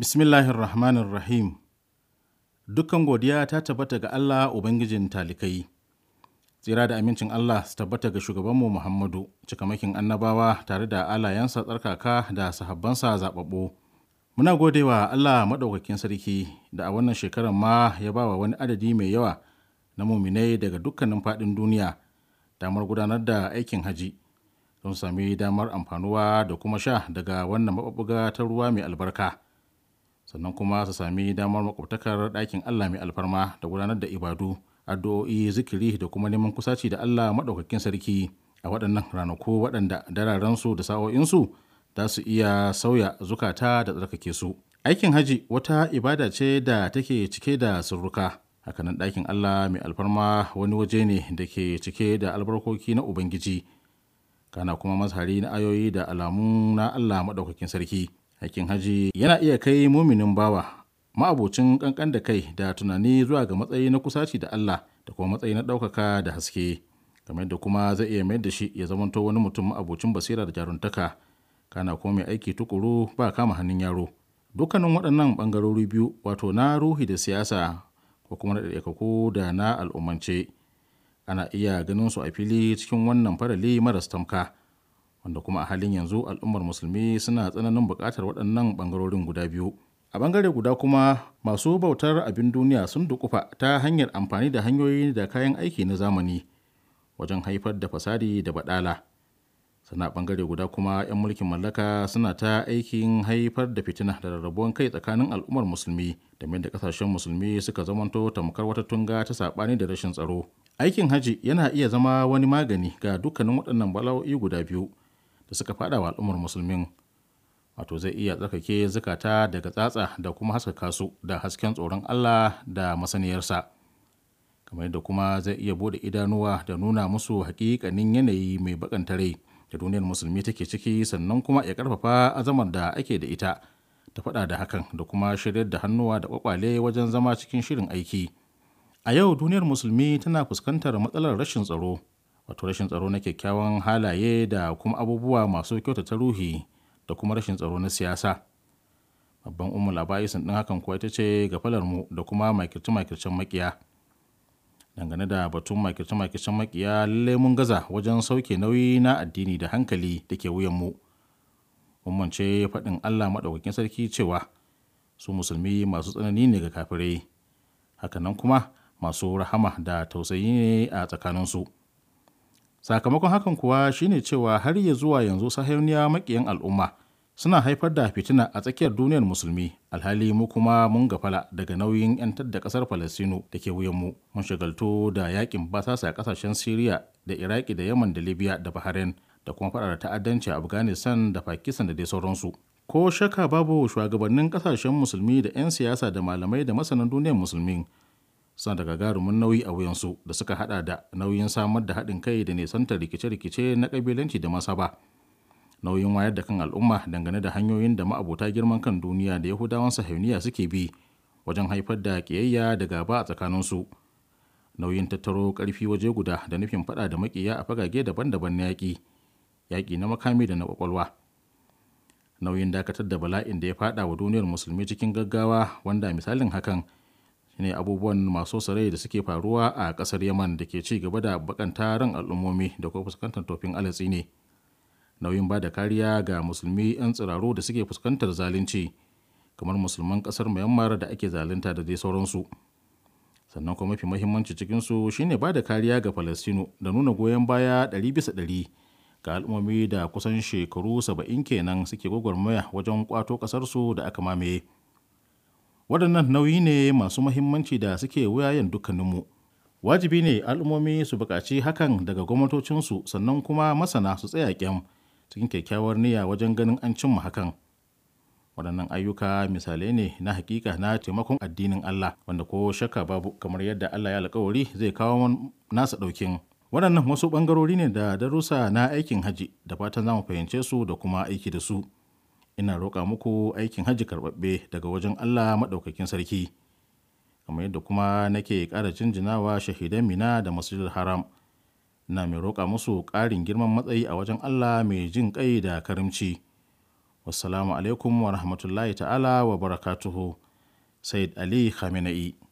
Bismillahir Rahmanir Rahim. dukan godiya ta tabbata ga Allah Ubangijin talikai. Tsira da amincin Allah su tabbata ga shugabanmu Muhammadu, cikamakin annabawa tare da alayensa tsarkaka da sahabbansa zaɓaɓɓu. Muna godewa Allah maɗaukakin sarki da a wannan shekarar ma ya bawa wani adadi mai yawa na muminai daga dukkanin faɗin duniya damar gudanar da aikin haji don sami damar amfanuwa da kuma sha daga wannan maɓaɓɓuga ta ruwa mai albarka. sannan kuma su sami damar makwabtakar ɗakin Allah mai alfarma da gudanar da ibadu addu'o'i zikiri da kuma neman kusaci da Allah maɗaukakin sarki a waɗannan ranaku waɗanda dararensu da sa'o'insu za su iya sauya zukata da tsarkake su aikin haji wata ibada ce da take cike da sirruka hakanan ɗakin Allah mai alfarma wani waje ne da ke cike da albarkoki na Ubangiji kana kuma mazhari na ayoyi da alamu na Allah maɗaukakin sarki. hakin haji yana iya kai muminin bawa ma'abocin kankan da kai da tunani zuwa ga matsayi na kusaci da Allah da kuma matsayi na ɗaukaka da haske kamar da kuma zai iya mayar da shi ya zamanto wani mutum ma'abocin basira da jaruntaka kana kuma mai aiki tukuru ba kama hannun yaro dukkanin waɗannan ɓangarori biyu wato na ruhi da siyasa ko kuma na ɗaiɗaikaku da na al'ummance ana iya ganin su a fili cikin wannan farali maras tamka wanda kuma a halin yanzu al'ummar musulmi suna tsananin buƙatar waɗannan ɓangarorin guda biyu a ɓangare guda kuma masu bautar abin duniya sun dukufa ta hanyar amfani da hanyoyi da kayan aiki na zamani wajen haifar da fasadi da baɗala sana ɓangare guda kuma 'yan mulkin mallaka suna ta aikin haifar da fitina da rarrabuwan kai tsakanin al'ummar musulmi da da ƙasashen musulmi suka zamanto tamkar wata tunga ta saɓani da rashin tsaro aikin haji yana iya zama wani magani ga dukkanin waɗannan bala'o'i guda biyu da suka fada wa al'ummar musulmin wato zai iya tsarkake zukata daga tsatsa da kuma haskaka su da hasken tsoron Allah da masaniyarsa kamar yadda kuma zai iya bude idanuwa da nuna musu hakikanin yanayi mai bakanta rai da duniyar musulmi take ciki sannan kuma ya karfafa azamar da ake da ita ta fada da hakan da kuma shirya da hannuwa da kwakwale wajen zama cikin shirin aiki a yau duniyar musulmi tana fuskantar matsalar rashin tsaro wato rashin tsaro na kyakkyawan halaye da kuma abubuwa masu kyautata ruhi da kuma rashin tsaro na siyasa babban umar sun ɗin hakan kuwa ita ce gafalar mu da kuma makirce makircen makiya dangane da batun makirce makircen makiya lallai mun gaza wajen sauke nauyi na addini da hankali da ke wuyan mu mun faɗin allah maɗaukakin sarki cewa su musulmi masu tsanani ne ga kafirai hakanan kuma masu rahama da tausayi ne a tsakaninsu sakamakon hakan kuwa shine cewa har ya zuwa yanzu sahiyoniya makiyan al'umma suna haifar da fitina a tsakiyar duniyar musulmi alhali mu kuma mun gafala daga nauyin 'yantar da kasar falastinu da ke mu mun shagaltu da yakin basasa a kasashen syria da iraki da yaman da libya da bahrain da kuma faɗa da ta'addanci a afghanistan da pakistan da dai sauransu ko shaka babu shugabannin kasashen musulmi da 'yan siyasa da malamai da masanan duniyar musulmin suna da gagarumin nauyi a wuyansu da suka hada da nauyin samar da haɗin kai da nesanta rikice-rikice na kabilanci da masa ba nauyin wayar da kan al'umma dangane da hanyoyin da ma'abota girman kan duniya da yahudawan sahuniya suke bi wajen haifar da ƙiyayya da gaba a tsakaninsu nauyin tattaro ƙarfi waje guda da nufin faɗa da maƙiya a fagage daban-daban na yaƙi yaƙi na makami da na kwakwalwa nauyin dakatar da bala'in da ya faɗa wa duniyar musulmi cikin gaggawa wanda misalin hakan ne abubuwan masu sarai da suke faruwa a kasar yaman da ke ci gaba da bakanta ran al'ummomi da kuma fuskantar tofin alatsi ne nauyin ba da kariya ga musulmi 'yan tsiraro da suke fuskantar zalunci kamar musulman kasar myanmar da ake zalunta da dai sauransu sannan kuma mafi mahimmanci cikinsu shine ba da kariya ga falastinu da nuna goyon baya 100 bisa ɗari ga al'ummomi da kusan shekaru 70 kenan suke gwagwarmaya wajen kwato kasarsu da aka mamaye. Waɗannan nauyi ne masu muhimmanci da suke wuyayen dukkaninmu. Wajibi ne al'ummomi su buƙaci hakan daga gwamnatocinsu sannan kuma masana su tsaya kyam cikin kyakkyawar niyya wajen ganin an cimma hakan. waɗannan ayyuka misalai ne na hakika na taimakon addinin Allah wanda ko shakka babu kamar yadda Allah ya alkawari zai kawo nasa ɗaukin waɗannan wasu ɓangarori ne da darussa na aikin hajji da fatan za mu fahimce su da kuma aiki da su ina roƙa muku aikin hajji karɓaɓɓe daga wajen Allah maɗaukakin sarki kamar yadda kuma nake ƙara jinjinawa shahidan mina da masjidil haram na mai roƙa musu ƙarin girman matsayi a wajen Allah mai jin ƙai da karimci wassalamu alaikum wa rahmatullahi ta'ala wa barakatuhu said ali khamenei